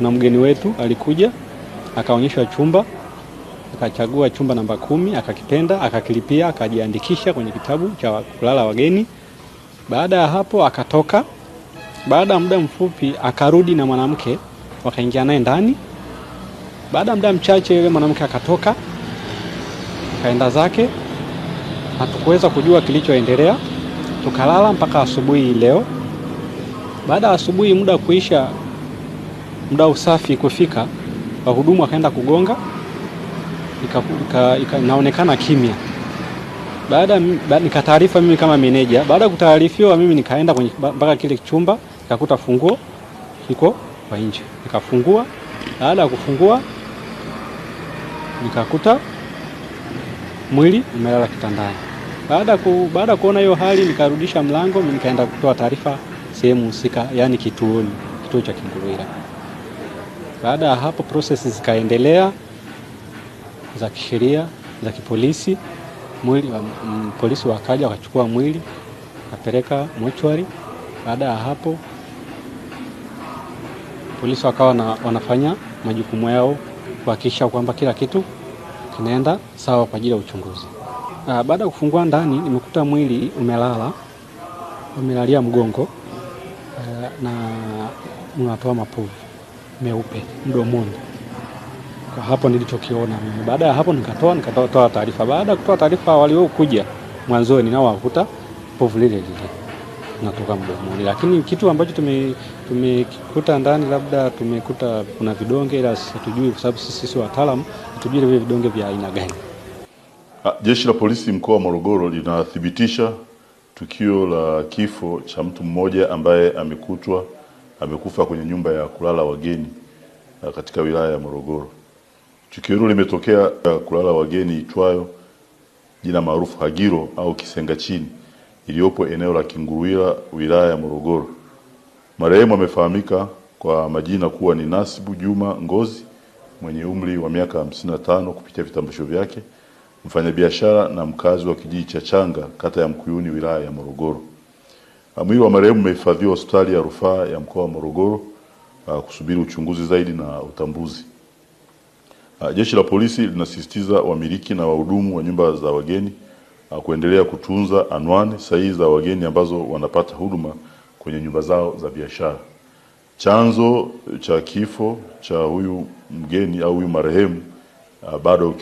na mgeni wetu alikuja akaonyeshwa chumba akachagua chumba namba kumi akakipenda, akakilipia, akajiandikisha kwenye kitabu cha kulala wageni. Baada ya hapo akatoka. Baada ya muda mfupi akarudi na mwanamke, wakaingia naye ndani. Baada ya muda mchache yule mwanamke akatoka akaenda zake, hatukuweza kujua kilichoendelea. Tukalala mpaka asubuhi leo. Baada ya asubuhi muda kuisha muda usafi kufika, wahudumu wakaenda kugonga naonekana kimya. Baada nikataarifa mimi kama meneja. Baada ya kutaarifiwa mimi nikaenda kwenye mpaka kile chumba nikakuta funguo iko kwa nje, nikafungua. Baada ya kufungua nikakuta mwili umelala kitandani. Baada ku, baada kuona hiyo hali nikarudisha mlango, nikaenda kutoa taarifa sehemu husika, yani kituoni, kituo cha Kinguruira. Baada ya hapo prosesi zikaendelea za kisheria za kipolisi. Mwili wa mm, polisi wakaja wakachukua mwili apeleka mochwari. Baada ya hapo polisi wakawa na, wanafanya majukumu yao kuhakikisha kwamba kila kitu kinaenda sawa kwa ajili ya uchunguzi. Ah, baada ya kufungua ndani, nimekuta mwili umelala, umelalia mgongo eh, na unatoa mapovu meupe mdomoni. Kwa hapo nilichokiona mimi. Baada ya hapo nikatoa nikatoa taarifa. Baada ya kutoa taarifa, waliokuja mwanzoni nao wakuta povu lile lile natoka mdomoni, lakini kitu ambacho tumekikuta ndani, labda tumekuta kuna vidonge, ila hatujui kwa sababu sisi wataalamu hatujui vile vidonge vya aina gani. Ah, jeshi la Polisi mkoa wa Morogoro linathibitisha tukio la kifo cha mtu mmoja ambaye amekutwa amekufa kwenye nyumba ya kulala wageni uh, katika wilaya ya Morogoro. Tukio hilo limetokea uh, kulala wageni itwayo jina maarufu Hagiro au Kisenga chini iliyopo eneo la Kinguruila wilaya ya Morogoro. Marehemu amefahamika kwa majina kuwa ni Nasibu Juma Ngozi mwenye umri wa miaka 55 kupitia vitambulisho vyake, mfanyabiashara na mkazi wa kijiji cha Changa kata ya Mkuyuni wilaya ya Morogoro. Mwili wa marehemu umehifadhiwa hospitali ya rufaa ya mkoa wa Morogoro uh, kusubiri uchunguzi zaidi na utambuzi. Uh, jeshi la polisi linasisitiza wamiliki na wahudumu wa nyumba za wageni uh, kuendelea kutunza anwani sahihi za wageni ambazo wanapata huduma kwenye nyumba zao za biashara. Chanzo cha kifo cha huyu mgeni au huyu marehemu bado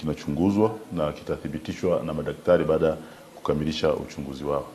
kinachunguzwa na kitathibitishwa na madaktari baada ya kukamilisha uchunguzi wao.